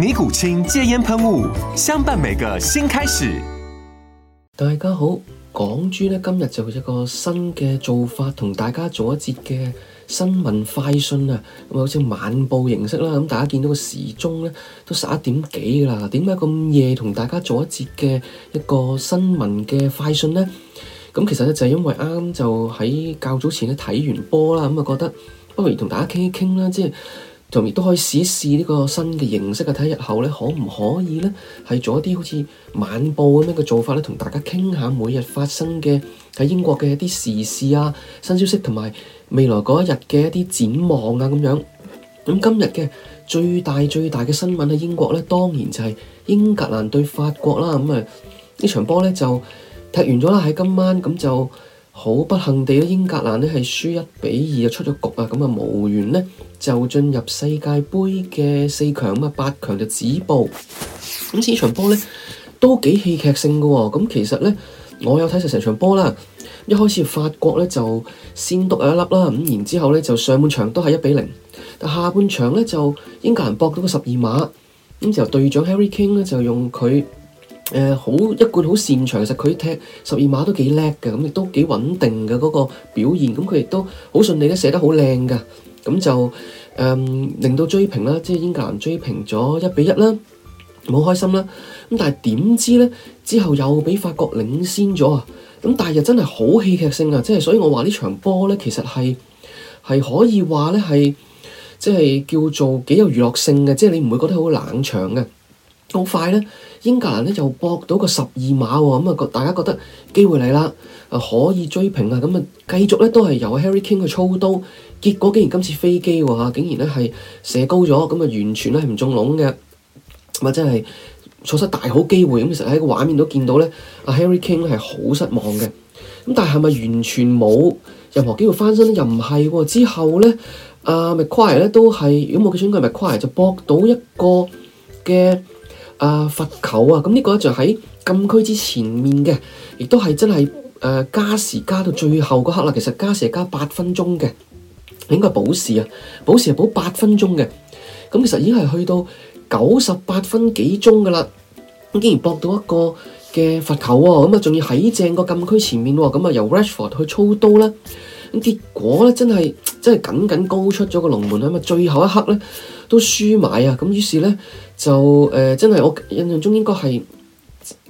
尼古清戒煙噴霧，相伴每個新開始。大家好，港珠咧今日就一個新嘅做法，同大家做一節嘅新聞快訊啊，咁、嗯、啊好似晚報形式啦。咁、嗯、大家見到個時鐘咧都十一點幾噶啦。嗱，點解咁夜同大家做一節嘅一個新聞嘅快訊咧？咁、嗯、其實咧就係、是、因為啱啱就喺較早前咧睇完波啦，咁、嗯、啊覺得不如同大家傾一傾啦，即係。同亦都可以試一試呢個新嘅形式啊，睇日後呢可唔可以呢？係做一啲好似晚報咁樣嘅做法呢，同大家傾下每日發生嘅喺英國嘅一啲時事啊、新消息同埋未來嗰一日嘅一啲展望啊咁樣。咁今日嘅最大最大嘅新聞喺英國呢，當然就係英格蘭對法國啦。咁啊，呢場波呢，就踢完咗啦，喺今晚咁就。好不幸地英格蘭咧係輸一比二就出咗局啊，咁啊，無緣咧就進入世界盃嘅四強，啊，八強就止步。咁此場波咧都幾戲劇性嘅喎、哦，咁其實咧我有睇實成場波啦。一開始法國咧就先獨有一粒啦，咁然之後咧就上半場都係一比零，但下半場咧就英格蘭博到個十二碼，咁之後隊長 Harry Kane 就用佢。誒、呃、好一貫好擅長，其實佢踢十二碼都幾叻嘅，咁亦都幾穩定嘅嗰、那個表現。咁佢亦都好順利咧，射得好靚嘅，咁就誒令到追平啦，即係英格蘭追平咗一比一啦，好開心啦。咁但係點知咧，之後又俾法國領先咗啊！咁但係又真係好戲劇性啊！即係所以我話呢場波咧，其實係係可以話咧係即係叫做幾有娛樂性嘅，即、就、係、是、你唔會覺得好冷場嘅。好快咧，英格蘭咧就博到個十二碼喎，咁、嗯、啊，大家覺得機會嚟啦，啊可以追平啊，咁、嗯、啊，繼續咧都係由 Harry Kane 去操刀，結果竟然今次飛機喎、哦啊、竟然咧係射高咗，咁、嗯、啊、完全咧係唔中籠嘅，或真係錯失大好機會。咁、嗯、其實喺個畫面都見到咧，阿 Harry Kane 咧係好失望嘅。咁、嗯、但係係咪完全冇任何機會翻身咧？又唔係、哦。之後咧，阿、啊、Maguire 咧都係，如果冇記錯應該係 Maguire 就博到一個嘅。啊、呃！罰球啊！咁、這、呢個就喺禁區之前面嘅，亦都係真係誒、呃、加時加到最後嗰刻啦。其實加時加八分鐘嘅，應該保時啊，保時係保八分鐘嘅。咁、嗯、其實已經係去到九十八分幾鐘噶啦，咁竟然博到一個嘅罰球啊，咁、嗯、啊，仲要喺正個禁區前面喎。咁啊，由 Rashford 去操刀啦。咁結果咧，真係真係緊緊高出咗個龍門啊！咁、嗯、啊，最後一刻咧都輸埋啊！咁、嗯、於是咧。就、呃、真係我印象中應該係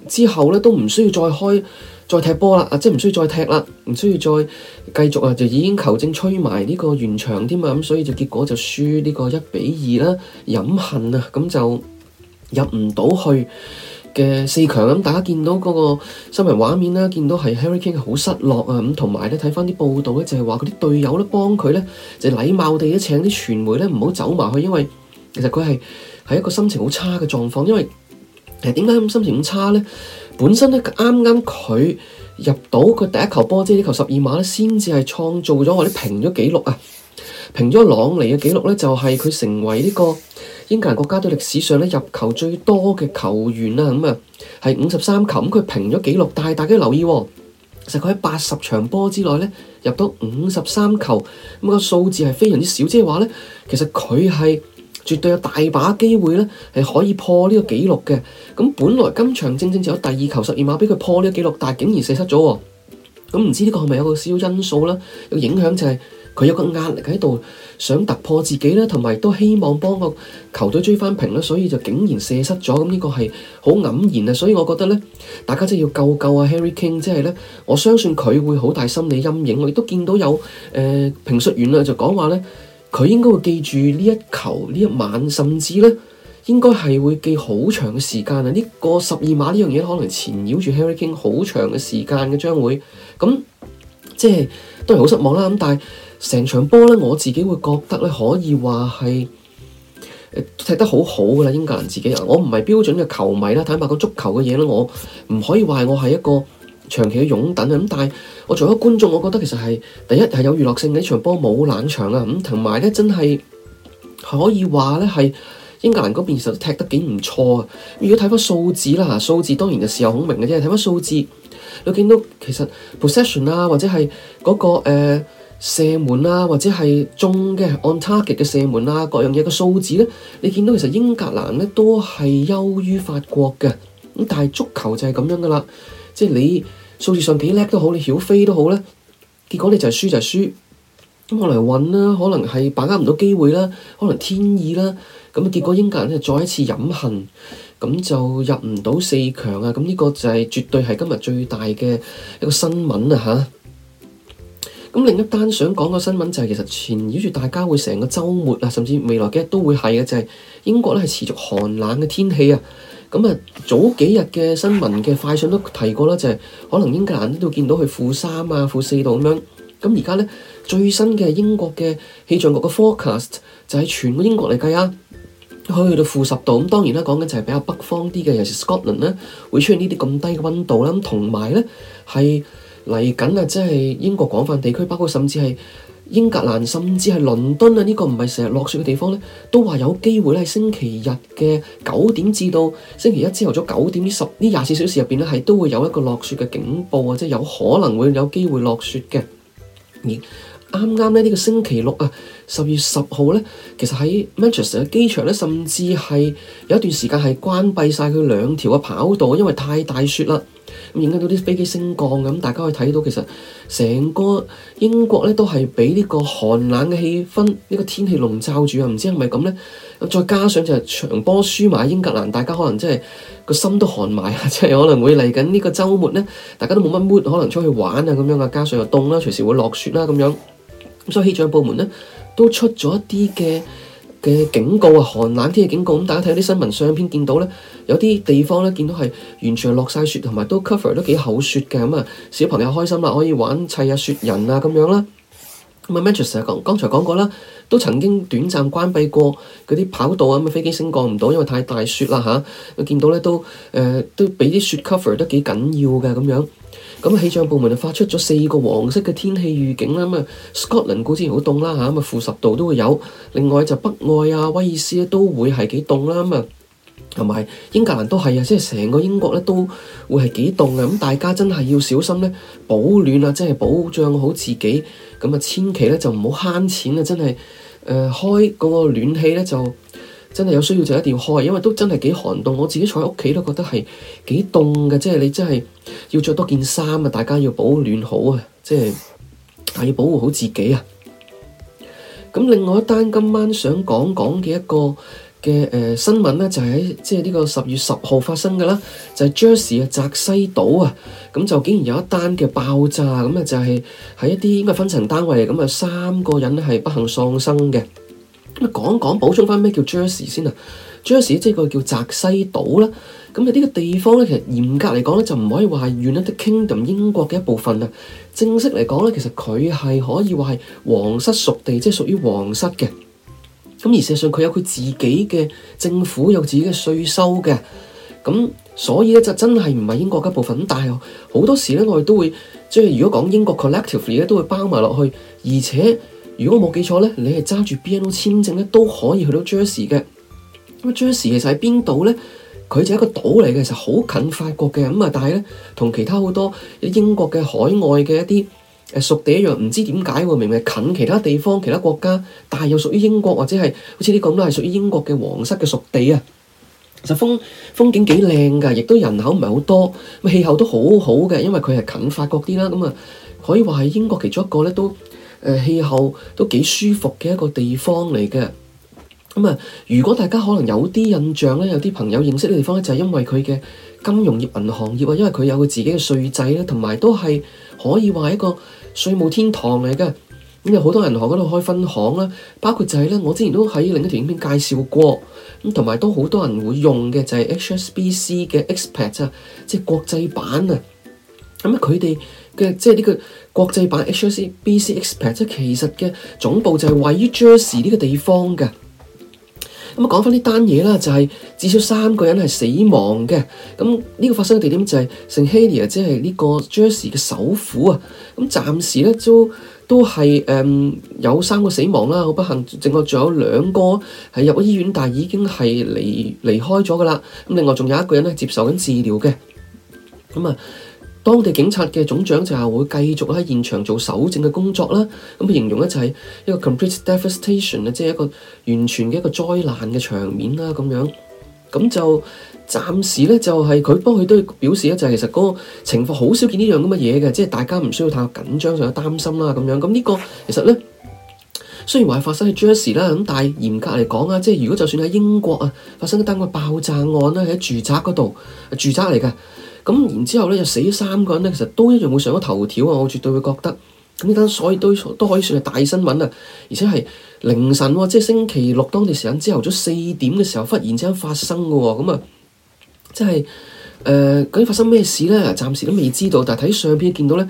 之後咧，都唔需要再開再踢波啦，啊，即係唔需要再踢啦，唔需要再繼續啊，就已經球證吹埋呢個完場添嘛，咁所以就結果就輸呢個一比二啦，飲恨啊，咁就入唔到去嘅四強咁。大家見到嗰個新聞畫面啦，見到係 Harry Kane 好失落啊，咁同埋咧睇翻啲報道咧，就係話嗰啲隊友咧幫佢咧，就禮貌地咧請啲傳媒咧唔好走埋去，因為其實佢係，係一個心情好差嘅狀況，因為其實點解咁心情咁差呢？本身呢，啱啱佢入到佢第一球波即係呢球十二碼咧，先至係創造咗或者平咗紀錄啊！平咗朗尼嘅紀錄咧，就係、是、佢成為呢個英格蘭國家隊歷史上咧入球最多嘅球員啦。咁啊係五十三球，咁佢平咗紀錄，但係大家留意、喎，其實佢喺八十場波之內呢，入到五十三球，咁、那個數字係非常之少，即係話呢，其實佢係。絕對有大把機會咧，係可以破呢個紀錄嘅。咁本來今場正正就有第二球十二碼俾佢破呢個紀錄，但係竟然射失咗。咁唔知呢個係咪有個小因素啦？有個影響就係、是、佢有個壓力喺度，想突破自己啦，同埋都希望幫個球隊追翻平啦，所以就竟然射失咗。咁呢個係好黯然啊！所以我覺得咧，大家真係要救救阿 Harry Kane，即係咧，我相信佢會好大心理陰影。我亦都見到有誒、呃、評述員啦，就講話咧。佢應該會記住呢一球，呢一晚，甚至呢應該係會記好長嘅時間啊！呢個十二碼呢樣嘢可能纏繞住 Harry King 好長嘅時間嘅將會，咁即係都係好失望啦。咁但係成場波呢，我自己會覺得咧，可以話係踢得好好㗎啦，英格蘭自己，我唔係標準嘅球迷啦，睇埋個足球嘅嘢咧，我唔可以話係我係一個。長期嘅擁躉啊，咁但係我作為一個觀眾，我覺得其實係第一係有娛樂性嘅呢場波，冇冷場啊。咁同埋咧，真係可以話咧係英格蘭嗰邊，其實踢得幾唔錯啊。如果睇翻數字啦，數字當然就事有孔明嘅啫。睇翻數字，你見到其實 possession 啊，或者係嗰個、呃、射門啊，或者係中嘅 on target 嘅射門啊，各樣嘢嘅數字咧，你見到其實英格蘭咧都係優於法國嘅。咁但係足球就係咁樣噶啦。即係你數字上幾叻都好，你曉飛都好啦。結果你就係輸就係輸。咁可能運啦，可能係把握唔到機會啦，可能天意啦。咁結果英格蘭再一次飲恨，咁就入唔到四強啊！咁呢個就係絕對係今日最大嘅一個新聞啊吓？咁另一單想講嘅新聞就係、是、其實纏繞住大家會成個週末啊，甚至未來幾日都會係嘅，就係、是、英國咧係持續寒冷嘅天氣啊。早幾日嘅新聞嘅快訊都提過啦，就係可能英格蘭都見到佢負三啊、負四度咁樣。咁而家咧最新嘅英國嘅氣象局嘅 forecast 就喺全個英國嚟計啊，去到負十度。咁當然啦，講緊就係比較北方啲嘅，尤其是 Scotland 咧會出現呢啲咁低嘅溫度啦。咁同埋咧係嚟緊啊，即係英國廣泛地區，包括甚至係。英格蘭甚至係倫敦啊，呢個唔係成日落雪嘅地方咧，都話有機會咧喺星期日嘅九點至到星期一朝頭早九點呢十呢廿四小時入邊咧，係都會有一個落雪嘅警報啊，即係有可能會有機會落雪嘅。而啱啱咧呢個星期六啊，十月十號咧，其實喺 Manchester 嘅機場咧，甚至係有一段時間係關閉晒佢兩條嘅跑道，因為太大雪啦，影響到啲飛機升降咁，大家可以睇到其實。成個英國呢都係畀呢個寒冷嘅氣氛，呢、呢個天氣籠罩住啊！唔知係咪咁咧？再加上就係長波輸埋英格蘭，大家可能真係個心都寒埋啊！即係可能會嚟緊呢個週末呢，大家都冇乜 mood，可能出去玩啊咁樣啊，加上又凍啦，隨時會落雪啦咁樣。咁所以氣象部門呢都出咗一啲嘅。嘅警告啊，寒冷天嘅警告，大家睇啲新聞相片，見到咧有啲地方咧，見到係完全落晒雪，同埋都 cover 都幾厚雪嘅，咁啊小朋友開心啦，可以玩砌下雪人啊咁樣啦，咁啊 Manchester 剛剛才講過啦。都曾經短暫關閉過嗰啲跑道啊，咁飛機升降唔到，因為太大雪啦嚇、啊。見到呢都誒、呃、都俾啲雪 cover 得幾緊要㗎咁樣。氣象部門就發出咗四個黃色嘅天氣預警啦，Scotland 固然好凍啦嚇，咁啊負十、啊、度都會有。另外就是北愛啊、威爾斯、啊、都會係幾凍啦同埋英格蘭都係啊，即係成個英國咧都會係幾凍啊！咁大家真係要小心咧，保暖啊，即係保障好自己。咁啊，千祈咧就唔好慳錢啊！真係誒、呃、開嗰個暖氣咧，就真係有需要就一定要開，因為都真係幾寒凍。我自己坐喺屋企都覺得係幾凍嘅，即係你真係要着多件衫啊！大家要保暖好啊，即係係要保護好自己啊！咁另外一單今晚想講講嘅一個嘅、呃、新聞咧就係、是、喺即係呢個十月十號發生嘅啦，就係、是、Jersey 嘅澤西島啊，咁就竟然有一單嘅爆炸咁啊，那就係喺一啲咁嘅分層單位，咁啊三個人係不幸喪生嘅。咁講講補充一下什咩叫 Jersey 先啊，Jersey 即係個叫澤西島啦、啊。咁啊呢個地方呢，其實嚴格嚟講呢，就唔可以話係 United Kingdom 英國嘅一部分啊。正式嚟講呢，其實佢係可以話係皇室屬地，即、就、係、是、屬於皇室嘅。咁而事實上佢有佢自己嘅政府，有自己嘅稅收嘅，咁所以咧就真係唔係英國嘅部分。但係好多時咧我哋都會即係如果講英國 collectively 呢都會包埋落去，而且如果冇記錯咧，你係揸住 BNO 簽證咧都可以去到 Jersey 嘅。咁 Jersey 其實喺邊度咧？佢就係一個島嚟嘅，其實好近法國嘅，咁啊，但係咧同其他好多英國嘅海外嘅一啲。誒屬地一樣，唔知點解喎，明明近其他地方、其他國家，但係又屬於英國或者係好似呢個咁都係屬於英國嘅皇室嘅屬地啊。其實風風景幾靚㗎，亦都人口唔係好多，氣候都好好嘅，因為佢係近法國啲啦。咁啊，可以話係英國其中一個咧，都誒氣候都幾舒服嘅一個地方嚟嘅。咁啊，如果大家可能有啲印象咧，有啲朋友認識呢個地方咧，就係因為佢嘅金融業、銀行業啊，因為佢有佢自己嘅稅制咧，同埋都係可以話一個。稅務天堂嚟嘅。咁有好多銀行嗰度開分行啦，包括就係、是、呢。我之前都喺另一條影片介紹過，同埋都好多人會用嘅就係 HSBC 嘅 Expat 啊，即係國際版啊。咁啊，佢哋嘅即呢個國際版 HSBC Expat 即其實嘅總部就係位於 Jersey 呢個地方嘅。咁啊，講返呢單嘢啦，就係、是、至少三個人係死亡嘅。咁、這、呢個發生嘅地點就係 Saint Helier 即係呢個 Jersey 嘅首府啊。咁暫時咧都都係、嗯、有三個死亡啦，好不幸。另外仲有兩個係入咗醫院，但係已經係離離開咗噶啦。咁另外仲有一個人咧接受緊治療嘅。咁啊，當地警察嘅總長就係會繼續喺現場做搜證嘅工作啦。咁佢形容咧就係一個 complete devastation 啊，即係一個完全嘅一個災難嘅場面啦，咁樣咁就。暫時咧就係、是、佢幫佢都表示咧，就係、是、其實嗰個情況好少見呢樣咁嘅嘢嘅，即係大家唔需要太緊張，仲有擔心啦咁樣。咁呢個其實咧，雖然話係發生喺 Jersey 啦，咁但係嚴格嚟講啊，即、就、係、是、如果就算喺英國啊發生一單個爆炸案啦，喺住宅嗰度，住宅嚟嘅，咁然之後咧就死咗三個人咧，其實都一樣會上咗頭條啊！我絕對會覺得咁呢單，所以都都可以算係大新聞啊！而且係凌晨，即、就、係、是、星期六當地時間朝頭早四點嘅時候，忽然之間發生嘅喎，咁啊～即係誒、呃，究竟發生咩事咧？暫時都未知道，但係睇相片見到咧，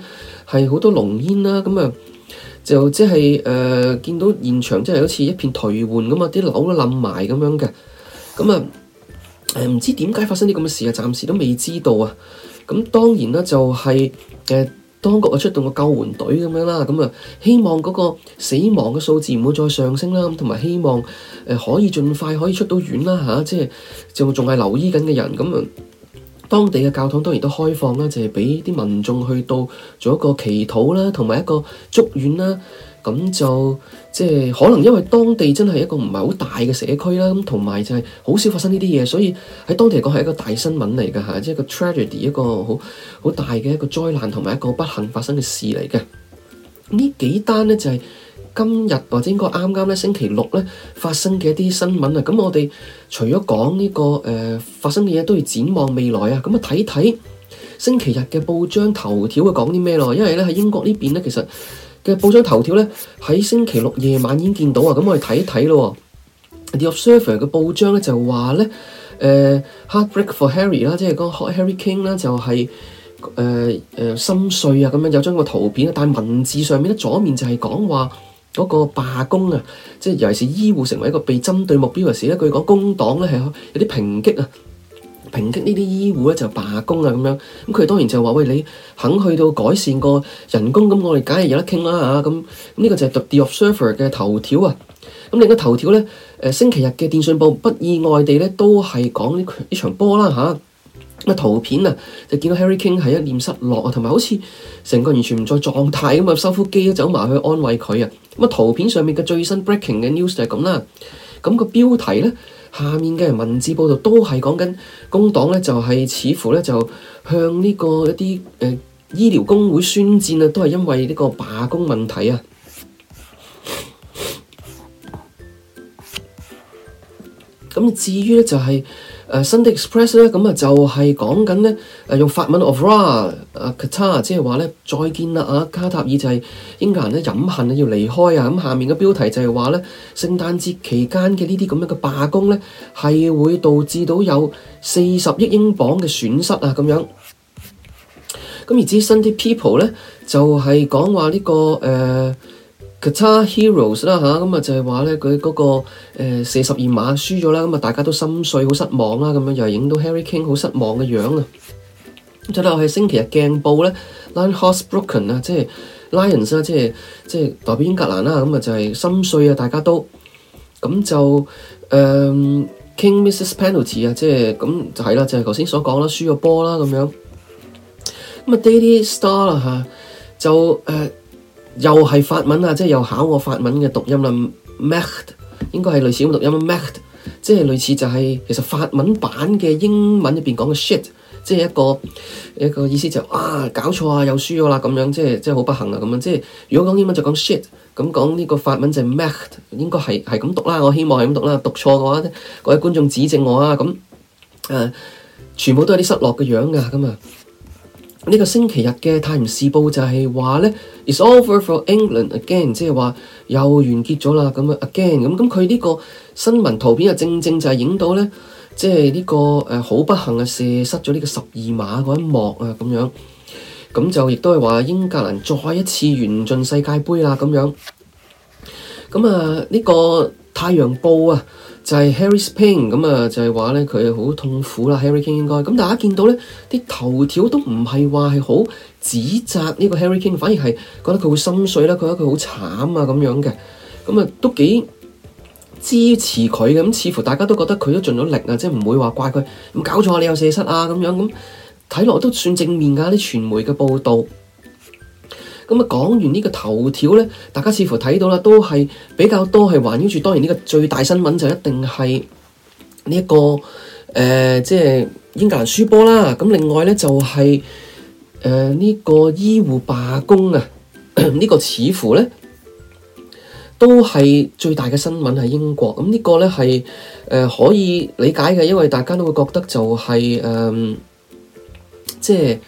係好多濃煙啦，咁啊，就即係誒、呃，見到現場即係好似一片頹垣咁啊，啲樓都冧埋咁樣嘅，咁啊，誒、呃、唔知點解發生啲咁嘅事啊，暫時都未知道啊，咁當然啦，就係、是、誒。呃。當局啊，出動個救援隊咁樣啦，咁啊，希望嗰個死亡嘅數字唔會再上升啦，咁同埋希望誒可以盡快可以出到院啦吓，即係仲仲係留醫緊嘅人咁啊，當地嘅教堂當然都開放啦，就係俾啲民眾去到做一個祈禱啦，同埋一個祝願啦。咁就即係可能，因為當地真係一個唔係好大嘅社區啦，咁同埋就係好少發生呢啲嘢，所以喺當地嚟講係一個大新聞嚟㗎吓，即係一個 tragedy，一個好好大嘅一個災難同埋一個不幸發生嘅事嚟嘅。呢幾單呢，就係、是、今日或者應該啱啱咧星期六呢發生嘅一啲新聞啊，咁我哋除咗講呢、這個誒、呃、發生嘅嘢，都要展望未來啊，咁啊睇睇星期日嘅報章頭條會講啲咩咯，因為咧喺英國呢邊呢，其實。嘅報章頭條咧喺星期六夜晚已經見到啊，咁我哋睇一睇咯。The Observer 嘅報章咧就話咧，誒、呃、heartbreak for Harry 啦，即係嗰個、Hot、Harry King 啦、就是，就係誒誒心碎啊，咁樣有張個圖片，但係文字上面咧左面就係講話嗰個罷工啊，即係尤其是醫護成為一個被針對目標嘅時，據講工黨咧係有啲抨擊啊。抨擊呢啲醫護咧就罷工啊咁樣，咁佢當然就話：喂，你肯去到改善個人工，咁我哋梗係有得傾啦吓。咁呢個就係 The Observer 嘅頭條啊。咁另一個頭條咧、呃，星期日嘅電訊報不意外地咧都係講呢呢場波啦吓，咁啊圖片啊就見到 Harry King 係一臉失落啊，同埋好似成個完全唔在狀態咁啊，收腹肌都走埋去安慰佢啊。咁啊圖片上面嘅最新 breaking 嘅 news 就係咁啦。咁個標題咧。下面嘅文字報道都係講緊工黨咧，就係似乎咧就向呢個一啲誒、呃、醫療工會宣戰啊，都係因為呢個罷工問題啊。咁至於咧就係、是。誒、uh,《Sunday Express》咧，咁啊就係講緊咧，用法文 Au revoir 阿、uh, 卡塔即係話咧再見啦！啊，卡塔爾就係英格蘭咧飲恨啊要離開啊。咁、嗯、下面嘅標題就係話咧，聖誕節期間嘅呢啲咁樣嘅罷工咧，係會導致到有四十億英鎊嘅損失啊！咁樣咁而至於《Sunday People》咧，就係講話呢個、呃 Qatar Heroes 啦吓，咁啊就係話咧，佢嗰個四十二碼輸咗啦，咁啊大家都心碎，好失望啦，咁樣又影到 Harry Kane 好失望嘅樣啊！咁再落係星期日鏡報咧，Lions Hearts Broken 啊，即係 Lions 啊，即係即係代表英格蘭啦，咁啊就係、是、心碎啊，大家都咁就誒、um, Kane Misses Penalty 啊，即係咁就係、是、啦，就係頭先所講啦，輸咗波啦咁樣。咁啊 Daily Star 啦吓，就誒。又係法文啊，即係又考我法文嘅讀音啦。merde 應該係類似咁讀音 merde，即係類似就係、是、其實法文版嘅英文入邊講嘅 shit，即係一個一個意思就是、啊搞錯啊又輸咗啦咁樣，即係即係好不幸啊咁樣。即係如果講英文就講 shit，咁講呢個法文就係 merde 應該係係咁讀啦。我希望係咁讀啦，讀錯嘅話各位觀眾指正我啊咁，誒、呃、全部都有啲失落嘅樣噶咁啊。這樣呢、這個星期日嘅《泰晤士報就是說》就係話呢 It's over for England again，即係話又完結咗啦，咁啊 again，咁咁佢呢個新聞圖片又正正就係影到呢，即係呢、這個誒好、呃、不幸嘅射失咗呢個十二碼嗰一幕啊，咁樣，咁就亦都係話英格蘭再一次緣盡世界盃啦，咁樣，咁啊呢個《太陽報》啊。這個就係、是、Harry Kane 就係話咧佢好痛苦啦。Harry Kane 應該咁大家見到咧啲頭條都唔係話係好指責呢個 Harry Kane，反而係覺得佢會心碎啦，覺得佢好慘啊咁樣嘅，咁啊都幾支持佢嘅。咁似乎大家都覺得佢都盡咗力啊，即係唔會話怪佢咁搞錯，你有射失啊咁樣咁，睇落都算正面㗎，啲傳媒嘅報道。咁啊，講完呢個頭條咧，大家似乎睇到啦，都係比較多係圍繞住。當然呢個最大新聞就一定係呢一個誒、呃，即係英格蘭輸波啦。咁、啊、另外咧就係誒呢個醫護罷工啊，呢、這個似乎咧都係最大嘅新聞喺英國。咁、啊這個、呢個咧係誒可以理解嘅，因為大家都會覺得就係、是、誒、呃、即係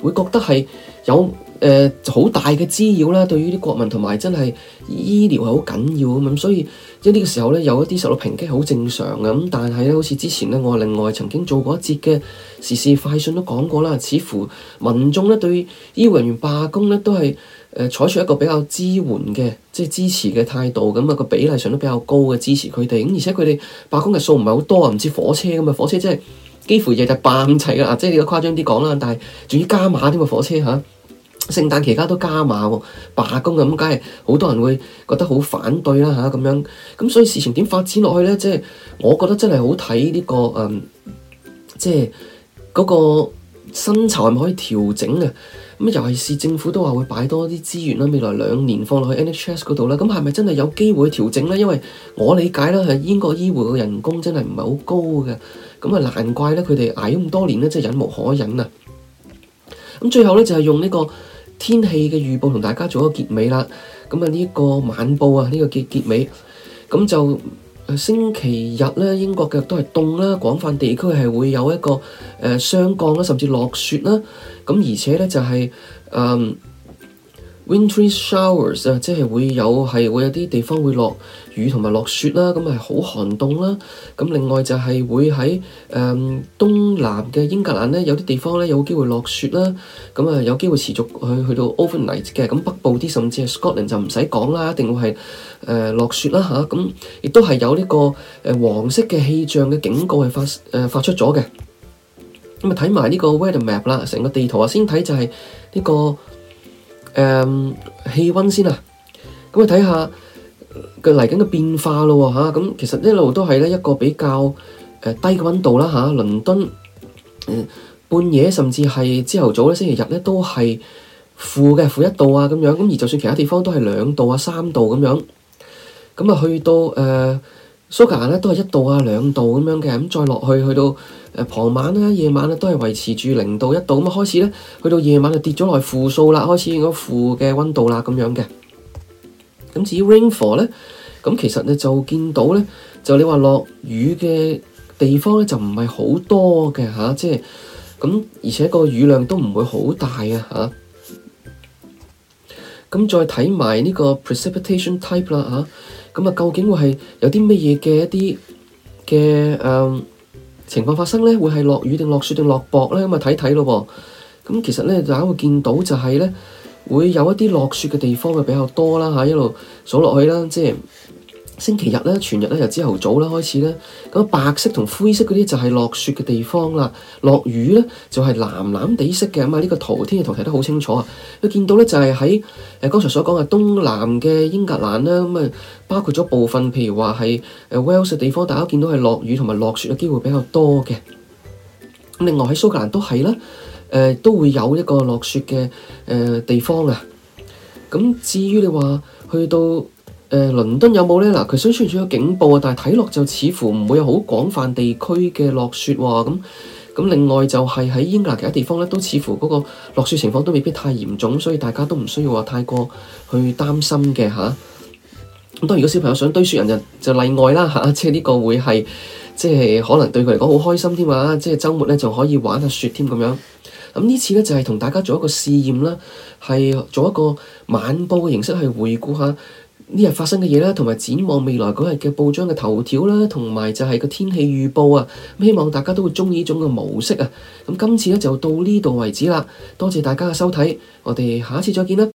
會覺得係有。誒、呃、好大嘅滋擾啦，對於啲國民同埋真係醫療係好緊要咁，所以即呢、呢個時候咧，有一啲受到抨擊係好正常嘅咁。但係咧，好似之前咧，我另外曾經做過一節嘅時事快訊都講過啦，似乎民眾咧對醫護人員罷工咧都係、呃、採取一個比較支援嘅即係支持嘅態度咁啊個比例上都比較高嘅支持佢哋咁，而且佢哋罷工嘅數唔係好多啊，唔似火車咁啊，火車即、就、係、是、幾乎日日爆曬嘅啊，即係你個誇張啲講啦，但係仲要加碼添啊，火車吓聖誕期間都加碼喎，罷工啊，咁梗係好多人會覺得好反對啦吓，咁樣，咁所以事情點發展落去咧？即係我覺得真係好睇呢個，即係嗰個薪酬係咪可以調整嘅？咁尤其是政府都話會擺多啲資源啦，未來兩年放落去 NHS 嗰度啦，咁係咪真係有機會調整咧？因為我理解啦，英國醫護嘅人工真係唔係好高嘅，咁啊難怪咧佢哋捱咗咁多年咧，真係忍無可忍啊！咁最後咧就係用呢個。天氣嘅預報同大家做一個結尾啦，咁啊呢一個晚報啊呢、呢個結結尾，咁就星期日咧英國嘅都係凍啦，廣泛地區係會有一個誒、呃、霜降啦，甚至落雪啦，咁而且咧就係、係、嗯。Winter showers 啊，即係會有係會有啲地方會落雨同埋落雪啦，咁係好寒凍啦。咁另外就係會喺誒東南嘅英格蘭咧，有啲地方咧有機會落雪啦。咁啊有機會持續去去到 overnight 嘅。咁北部啲甚至係 Scotland 就唔使講啦，一定會係誒落雪啦吓。咁亦都係有呢個誒黃色嘅氣象嘅警告係發誒發出咗嘅。咁啊睇埋呢個 weather map 啦，成個地圖啊先睇就係呢個。誒、um，氣温先啊，咁啊睇下佢嚟緊嘅變化咯吓，咁、啊、其實一路都係咧一個比較、呃、低嘅温度啦吓、啊，倫敦、嗯、半夜甚至係朝頭早咧星期日咧都係負嘅負一度啊咁樣，咁而就算其他地方都係兩度啊三度咁樣，咁啊去到誒。呃蘇格蘭咧都係一度啊兩度咁樣嘅，咁再落去去到誒傍晚啦、夜晚呢都係維持住零度一度咁開始咧，去到夜晚就跌咗落負數啦，開始應該負嘅温度啦咁樣嘅。咁至於 rainfall 咧，咁其實你就見到咧，就你話落雨嘅地方咧就唔係好多嘅吓，即係咁而且個雨量都唔會好大啊吓，咁再睇埋呢個 precipitation type 啦、吓。究竟會係有啲咩嘢嘅情況發生呢？會係落雨定落雪定落雹呢？咁啊睇睇咯。咁其實咧大家會見到就係咧會有一啲落雪嘅地方會比較多啦嚇，一路數落去啦，即係。星期日咧，全日咧由朝頭早啦開始咧，咁白色同灰色嗰啲就係落雪嘅地方啦，落雨咧就係藍藍地色嘅，咁啊呢個圖天氣圖睇得好清楚啊，你見到咧就係喺誒剛才所講嘅東南嘅英格蘭啦，咁啊包括咗部分，譬如話係誒 Wales 嘅地方，大家見到係落雨同埋落雪嘅機會比較多嘅。咁另外喺蘇格蘭都係啦，誒、呃、都會有一個落雪嘅誒地方啊。咁至於你話去到，誒，倫敦有冇呢？嗱，佢雖雖然有警報啊，但係睇落就似乎唔會有好廣泛地區嘅落雪喎。咁、哦、咁、嗯嗯，另外就係喺英格蘭其他地方呢，都似乎嗰個落雪情況都未必太嚴重，所以大家都唔需要話太過去擔心嘅吓，咁當然，如果小朋友想堆雪人就例外啦吓，即係呢個會係即係可能對佢嚟講好開心添啊！即係週末呢就可以玩下雪添咁樣。咁、嗯、呢次呢，就係、是、同大家做一個試驗啦，係做一個晚報嘅形式去回顧下，呢日發生嘅嘢啦，同埋展望未來嗰日嘅報章嘅頭條啦，同埋就係個天氣預報啊！希望大家都會鍾意呢種嘅模式啊！咁今次呢，就到呢度為止啦，多謝大家嘅收睇，我哋下次再見啦～